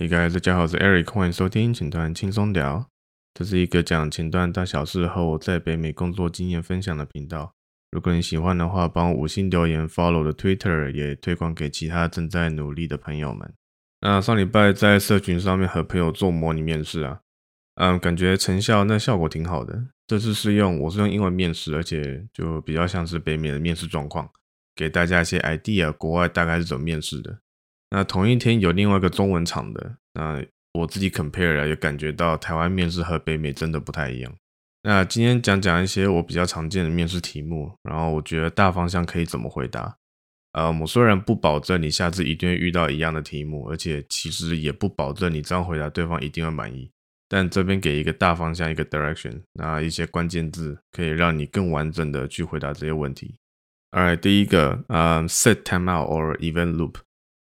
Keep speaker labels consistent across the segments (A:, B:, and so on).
A: Hey guys，大家好，我是 Eric，歡迎收聽前端輕鬆聊。這是一個講前端大小事和我在北美工作經驗分享的頻道。如果你喜歡的話，幫我五星留言，follow 我的 Twitter 也推廣給其他正在努力的朋友們。那上禮拜在社群上面和朋友做模擬面試啊，嗯，感覺成效那效果挺好的。這次是用，我是用英文面試，而且就比較像是北美的面試狀況，給大家一些 idea 國外大概是怎麼面試的。那同一天有另外一個中文場的，那我自己 compare 了，也感覺到台灣面試和北美真的不太一樣。那今天講講一些我比較常見的面試題目，然後我覺得大方向可以怎麼回答。呃，我雖然不保證你下次一定會遇到一樣的題目，而且其實也不保證你這樣回答對方一定會滿意，但這邊給一個大方向一個 direction，那一些關鍵字可以讓你更完整的去回答這些問題。All right，第一個，呃，set timeout or event loop。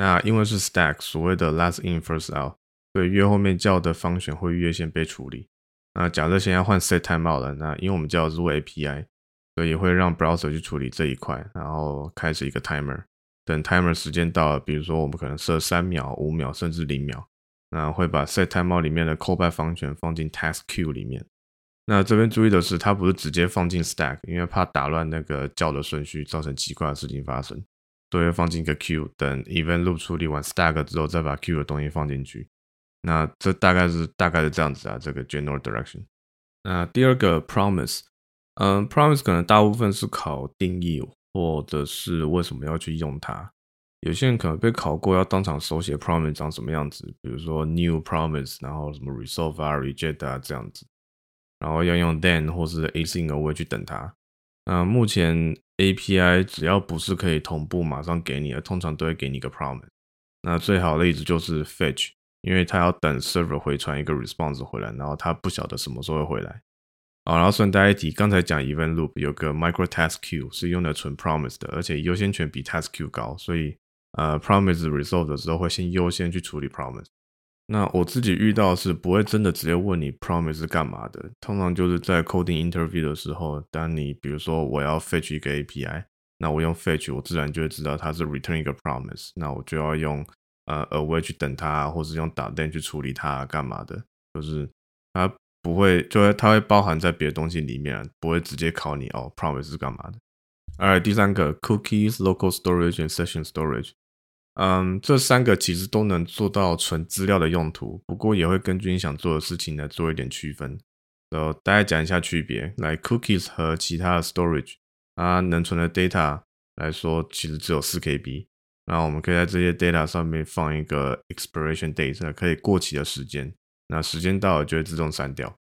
A: 那因為是 stack，所謂的 last in first out，所以越後面叫的 function 會越先被處理。那假設現在要換 set timeout 了，那因為我們叫 zoo API，所以會讓 browser 去處理這一塊，然後開始一個 timer。等 timer 時間到了，比如說我們可能設三秒、五秒，甚至零秒，那會把 set timeout 裡面的 callback function 放進 task queue 裡面。那這邊注意的是，它不是直接放進 stack，因為怕打亂那個叫的順序，造成奇怪的事情發生。.都會放進一個 q 等 event loop 處理完 stack 之後，再把 q 的東西放進去。那這大概是大概是這樣子啊，這個 general direction。那第二個 promise，嗯，promise、呃、prom 可能大部分是考定義或者是為什麼要去用它。有些人可能被考過要當場手寫 promise 長什麼樣子，比如說 new promise，然後什麼 resolve、啊、reject 啊這樣子。然後要用 then 或是 async await 去等它。那、呃、目前 API 只要不是可以同步馬上給你，而通常都會給你一個 Promise。那最好的例子就是 fetch，因為它要等 server 回傳一個 response 回來，然後它不曉得什麼時候會回來。好，然後順帶一提，剛才講 event loop 有個 micro task queue 是用的存 Promise 的，而且優先權比 task queue 高，所以呃 Promise resolve 的時候會先優先去處理 Promise。那我自己遇到的是不會真的直接問你 Promise 是幹嘛的，通常就是在 coding interview 的時候，當你比如說我要 fetch 一個 API，那我用 fetch，我自然就會知道它是 return 一個 Promise，那我就要用呃 await 去等它，或者用打 then 去處理它幹嘛的，就是它不會，就會它會包含在別的東西裡面，不會直接考你哦 Promise 是幹嘛的。二、第三個，Cookies、Local Storage 和 Session Storage。嗯，um, 這三個其實都能做到存資料的用途，不過也會根據你想做的事情來做一點區分。呃、so，大概講一下區別。來，cookies 和其他的 storage 它、啊、能存的 data 來說，其實只有 4KB。那我們可以在這些 data 上面放一個 expiration date，可以過期的時間。那時間到了就會自動刪掉。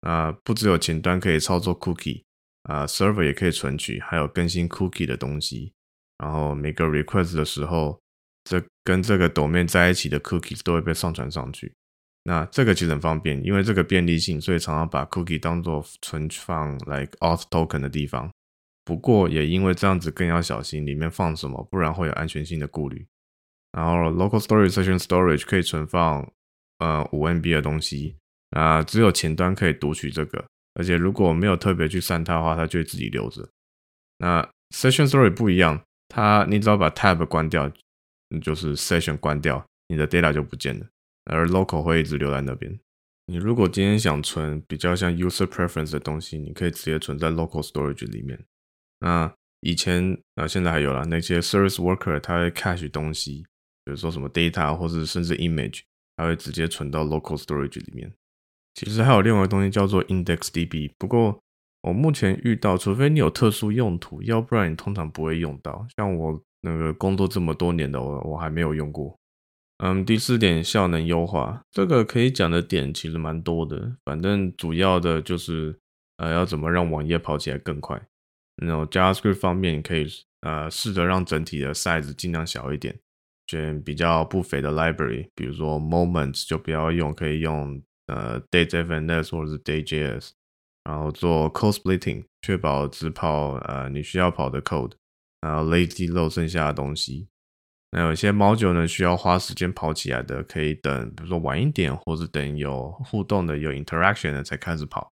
A: 啊，不只有前端可以操作 cookie，啊，server 也可以存取，還有更新 cookie 的東西。然後每個 request 的時候。這跟這個鬥面在一起的 cookies 都會被上傳上去。那這個其實很方便，因為這個便利性，所以常常把 cookie 當作存放 like auth token 的地方。不過也因為這樣子更要小心裡面放什麼，不然會有安全性的顧慮。然後 local storage session storage 可以存放呃五 MB 的東西，啊，只有前端可以讀取這個，而且如果沒有特別去刪它的話，它就會自己留着。那 session storage 不一樣，它你只要把 tab 關掉。就是 session 關掉，你的 data 就不見了，而 local 會一直留在那邊。你如果今天想存比較像 user preference 的東西，你可以直接存在 local storage 裡面。那以前啊，現在還有啦，那些 service worker 它會 cache 東西，比如說什麼 data 或者甚至 image，它會直接存到 local storage 裡面。其實還有另外一個東西叫做 IndexedDB，不過我目前遇到，除非你有特殊用途，要不然你通常不會用到。像我。那個工作這麼多年的我，我還沒有用過。嗯，第四點，效能優化，這個可以講的點其實蠻多的。反正主要的就是，呃，要怎麼讓網頁跑起來更快。然後 JavaScript 方面，你可以呃試着讓整體的 size 儘量小一點，選比較不肥的 library，比如說 Moments 就不要用，可以用呃 date-fns 或者是 Day.js，然後做 code splitting，確保只跑呃你需要跑的 code。lady l o 漏剩下的東西。那有些貓九呢，需要花時間跑起來的，可以等，比如說晚一點，或者等有互動的、有 interaction 的才開始跑。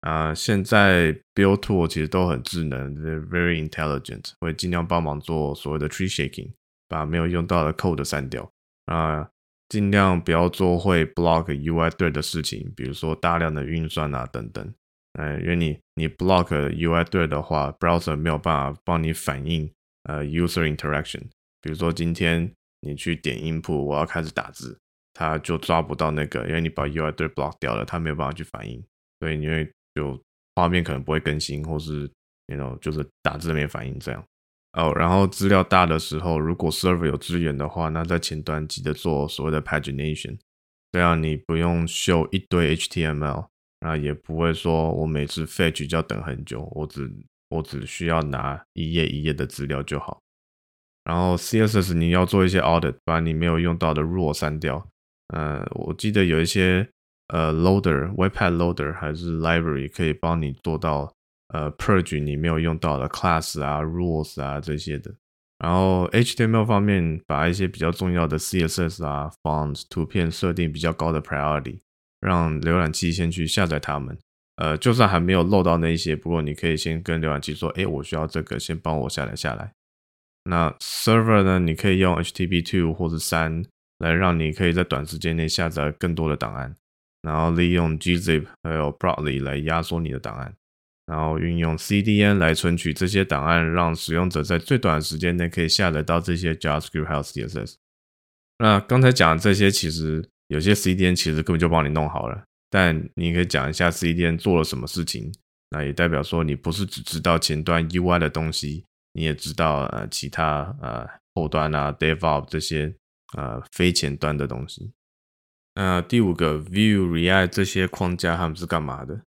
A: 啊、呃，現在 build tool 其實都很智能，very intelligent，會儘量幫忙做所謂的 tree shaking，把沒有用到的 code 刪掉。啊、呃，儘量不要做會 block UI 對的事情，比如說大量的運算啊等等。呃，因為你你 block UI thread 的話，browser 沒有辦法幫你反映呃 user interaction。比如說今天你去點 input，我要開始打字，它就抓不到那個，因為你把 UI thread block 掉了，它沒有辦法去反應，所以你會就畫面可能不會更新，或是 you know 就是打字沒反應這樣。哦，oh，然後資料大的時候，如果 server 有資源的話，那在前端記得做所謂的 pagination，這樣你不用秀一堆 HTML。那、啊、也不會說我每次 fetch 就要等很久，我只我只需要拿一頁一頁的資料就好。然後 CSS 你要做一些 audit，把你沒有用到的 rule 刪掉。呃，我記得有一些呃 loader，webpack loader 還是 library 可以幫你做到呃 purge 你沒有用到的 class 啊 rules 啊這些的。然後 HTML 方面，把一些比較重要的 CSS 啊 font 圖片設定比較高的 priority。讓瀏覽器先去下載它們，呃，就算還沒有漏到那些，不過你可以先跟瀏覽器說，誒，我需要這個，先幫我下載下來。那 server 呢，你可以用 HTTP 2或者三來，讓你可以在短時間內下載更多的檔案，然後利用 gzip 還有 Brotli 來壓縮你的檔案，然後運用 CDN 來存取這些檔案，讓使用者在最短的時間內可以下載到這些 JavaScript、還有 CSS。那剛才講的這些其實。有些 CDN 其實根本就幫你弄好了，但你可以講一下 CDN 做了什麼事情，那也代表說你不是只知道前端 UI 的東西，你也知道呃其他呃後端啊 DevOps 這些呃非前端的東西。那第五個 Vue React 這些框架他們是幹嘛的？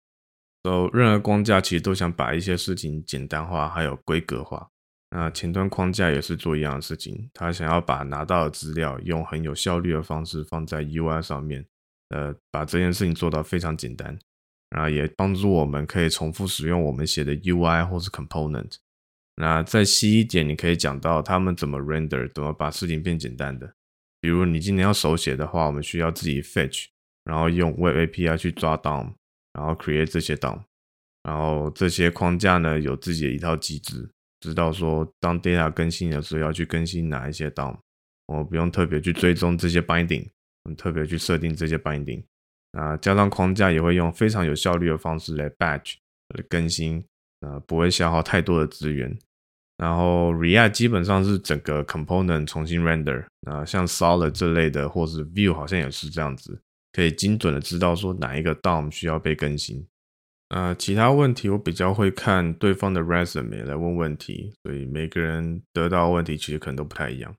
A: 所以任何框架其實都想把一些事情簡單化，還有規格化。那前端框架也是做一樣的事情，他想要把拿到的資料用很有效率的方式放在 UI 上面，呃，把這件事情做到非常簡單，然後也幫助我們可以重複使用我們寫的 UI 或是 component。那再細一點，你可以講到他們怎麼 render，怎麼把事情變簡單的。比如你今天要手寫的話，我們需要自己 fetch，然後用 Web API 去抓 DOM，然後 create 這些 DOM，然後這些框架呢有自己的一套機制。知道說當 data 更新的時候要去更新哪一些 DOM，我不用特別去追蹤這些 binding，特別去設定這些 binding，啊，加上框架也會用非常有效率的方式來 batch 來更新，啊，不會消耗太多的資源。然後 React 基本上是整個 component 重新 render，啊，像 Solid 這類的或是 Vue 好像也是這樣子，可以精準的知道說哪一個 DOM 需要被更新。呃，其他問題我比較會看對方的 resume 來問問題，所以每個人得到問題其實可能都不太一樣。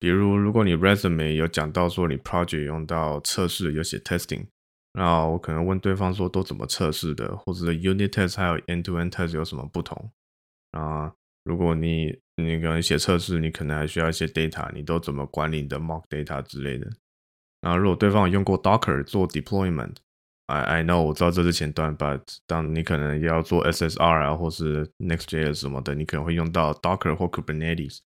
A: 比如，如果你 resume 有講到說你 project 用到測試，有寫 testing，那我可能問對方說都怎麼測試的，或者 unit test 還有 end to end test 有什麼不同？啊，如果你那個寫測試，你可能還需要一些 data，你都怎麼管理你的 mock data 之類的？然後，如果對方有用過 Docker 做 deployment。I I know 我知道這是前端，but 當你可能要做 SSR 啊，或是 Next.js 什麼的，你可能會用到 Docker 或 Kubernetes。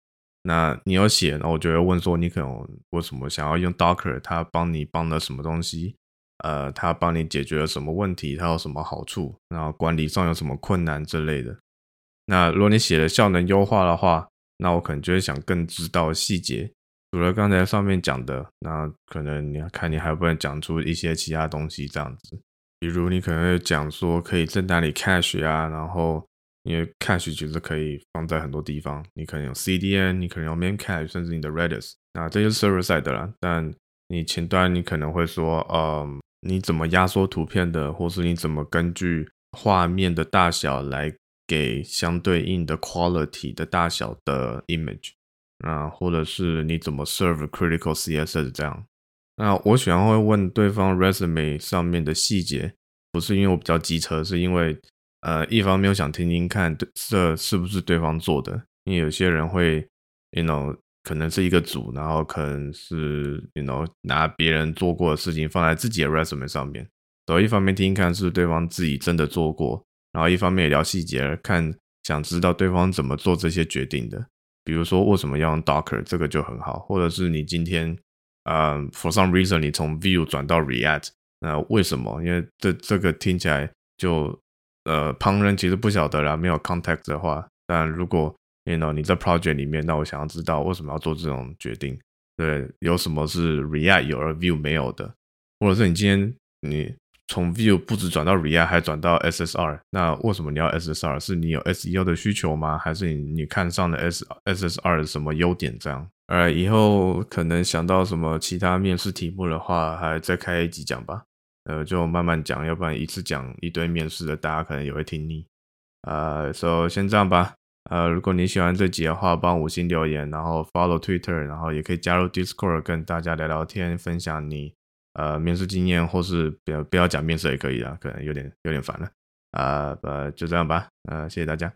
A: 那你要寫，那我就會問說，你可能為什麼想要用 Docker？它幫你幫了什麼東西？呃，它幫你解決了什麼問題？它有什麼好處？然後管理上有什麼困難之類的？那如果你寫了效能優化的話，那我可能就會想更知道細節。除了剛才上面講的，那可能你要看，你還不能講出一些其他東西這樣子。比如你可能會講說，可以在哪裡 cache 啊？然後因為 cache 其實可以放在很多地方，你可能有 CDN，你可能有 memcache，甚至你的 Redis，那這就是 server side 的了。但你前端你可能會說，嗯，你怎麼壓縮圖片的，或是你怎麼根據畫面的大小來給相對應的 quality 的大小的 image？啊，或者是你怎麼 serve critical CSS 這樣？那我喜歡會問對方 resume 上面的細節，不是因為我比較機車，是因為呃一方面想聽聽看這是，是不是對方做的，因為有些人會 you know 可能是一個組，然後可能是 you know 拿別人做過的事情放在自己的 resume 上面，所、so、以一方面聽，聽看是，是對方自己真的做過，然後一方面也聊細節，看想知道對方怎麼做這些決定的。比如說為什麼要用 Docker，這個就很好，或者是你今天，呃，for some reason 你從 Vue 轉到 React，那、呃、為什麼？因為這這個聽起來就，呃，旁人其實不曉得啦、啊，沒有 context 的話，但如果，you know, 你在 project 裡面，那我想要知道為什麼要做這種決定，對，有什麼是 React 有而 Vue 沒有的，或者是你今天你。從 Vue 不止轉到 React 還轉到 SSR，那為什麼你要 SSR？是你有 SEO 的需求嗎？還是你看上的 SSR 的什麼優點？這樣，呃、right，以後可能想到什麼其他面試題目的話，還再開一集講吧。呃，就慢慢講，要不然一次講一堆面試的，大家可能也會聽膩。呃，so 先這樣吧。呃、uh，如果你喜歡這集的話，幫五星留言，然後 follow Twitter，然後也可以加入 Discord 跟大家聊聊天，分享你。呃，面試經驗，或是要不要講面試也可以啊，可能有點有點煩了啊，呃，就這樣吧，呃，謝謝大家。